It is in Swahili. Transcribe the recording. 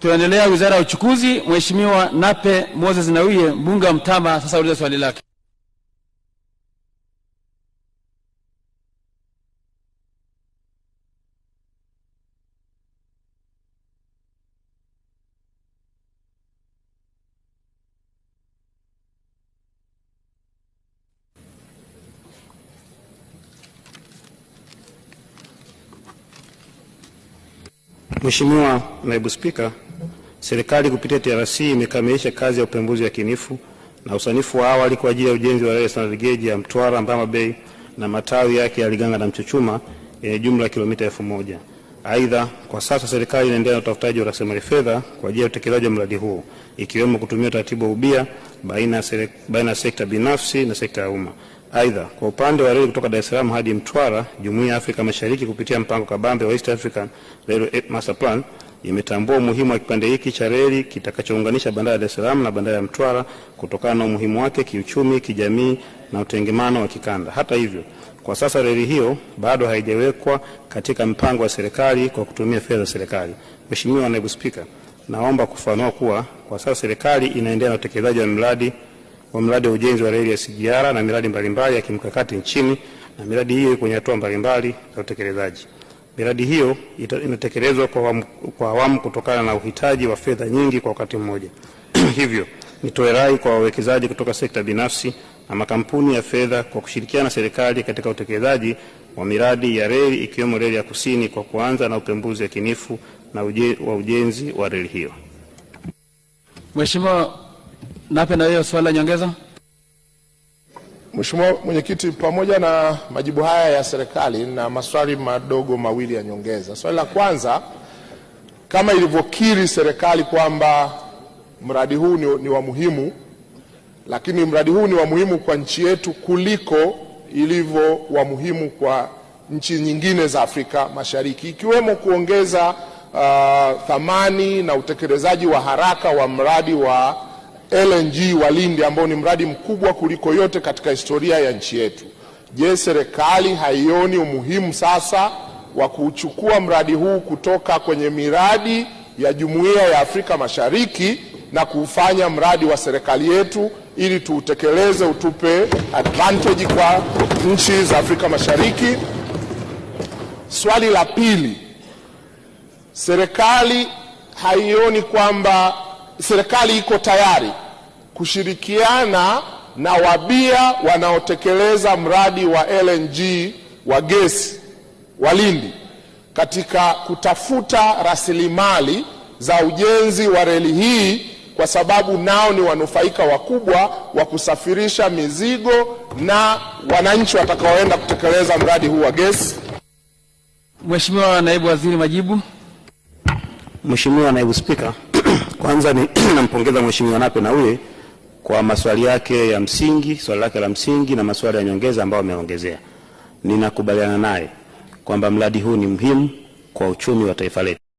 Tunaendelea wizara ya uchukuzi. Mheshimiwa Nape Moses nawiye mbunge wa Mtama, sasa uliza swali lake. Mheshimiwa Naibu Spika, Serikali kupitia TRC imekamilisha kazi ya upembuzi yakinifu na usanifu wa awali kwa ajili ya ujenzi wa reli standard gauge ya Mtwara Mbamba Bay na matawi yake ya Liganga na Mchuchuma yenye jumla ya kilomita elfu moja. Aidha, kwa sasa serikali inaendelea na utafutaji wa rasilimali fedha kwa ajili ya utekelezaji wa mradi huo ikiwemo kutumia utaratibu wa ubia baina ya sekta binafsi na sekta ya umma. Aidha, kwa upande wa reli kutoka Dar es Salaam hadi Mtwara, Jumuiya ya Afrika Mashariki kupitia mpango kabambe wa East African Railway Master Plan imetambua umuhimu wa kipande hiki cha reli kitakachounganisha bandari ya Dar es Salaam na bandari ya Mtwara kutokana na umuhimu wake kiuchumi, kijamii na utengemano wa kikanda. Hata hivyo, kwa sasa reli hiyo bado haijawekwa katika mpango wa serikali kwa kutumia fedha za serikali. Mheshimiwa Naibu Spika, naomba kufanua kuwa kwa sasa serikali inaendelea na utekelezaji wa mradi wa mradi wa ujenzi wa reli ya SGR na miradi mbalimbali ya kimkakati nchini na miradi hiyo iko kwenye hatua mbalimbali za utekelezaji. Miradi hiyo inatekelezwa kwa awamu kutokana na uhitaji wa fedha nyingi kwa wakati mmoja. Hivyo nitoe rai kwa wawekezaji kutoka sekta binafsi na makampuni ya fedha kwa kushirikiana na serikali katika utekelezaji wa miradi ya reli ikiwemo reli ya Kusini kwa kuanza na upembuzi yakinifu na uje, wa ujenzi wa reli hiyo. Mheshimiwa Nape, na hiyo swali la nyongeza. Mheshimiwa Mwenyekiti, pamoja na majibu haya ya serikali na maswali madogo mawili ya nyongeza. Swali la kwanza, kama ilivyokiri serikali kwamba mradi huu ni, ni wa muhimu, lakini mradi huu ni wa muhimu kwa nchi yetu kuliko ilivyo wa muhimu kwa nchi nyingine za Afrika Mashariki, ikiwemo kuongeza uh, thamani na utekelezaji wa haraka wa mradi wa LNG wa Lindi ambao ni mradi mkubwa kuliko yote katika historia ya nchi yetu. Je, serikali haioni umuhimu sasa wa kuchukua mradi huu kutoka kwenye miradi ya Jumuiya ya Afrika Mashariki na kuufanya mradi wa serikali yetu ili tuutekeleze, utupe advantage kwa nchi za Afrika Mashariki? Swali la pili, serikali haioni kwamba serikali iko tayari kushirikiana na wabia wanaotekeleza mradi wa LNG wa gesi wa Lindi katika kutafuta rasilimali za ujenzi wa reli hii kwa sababu nao ni wanufaika wakubwa wa kusafirisha mizigo na wananchi watakaoenda kutekeleza mradi huu wa gesi. Mheshimiwa Naibu Waziri, majibu. Mheshimiwa Naibu Spika, kwanza nampongeza Mheshimiwa Nape uye kwa maswali yake ya msingi, swali lake la msingi na maswali ya nyongeza ambayo ameongezea. Ninakubaliana naye kwamba mradi huu ni muhimu kwa uchumi wa taifa letu.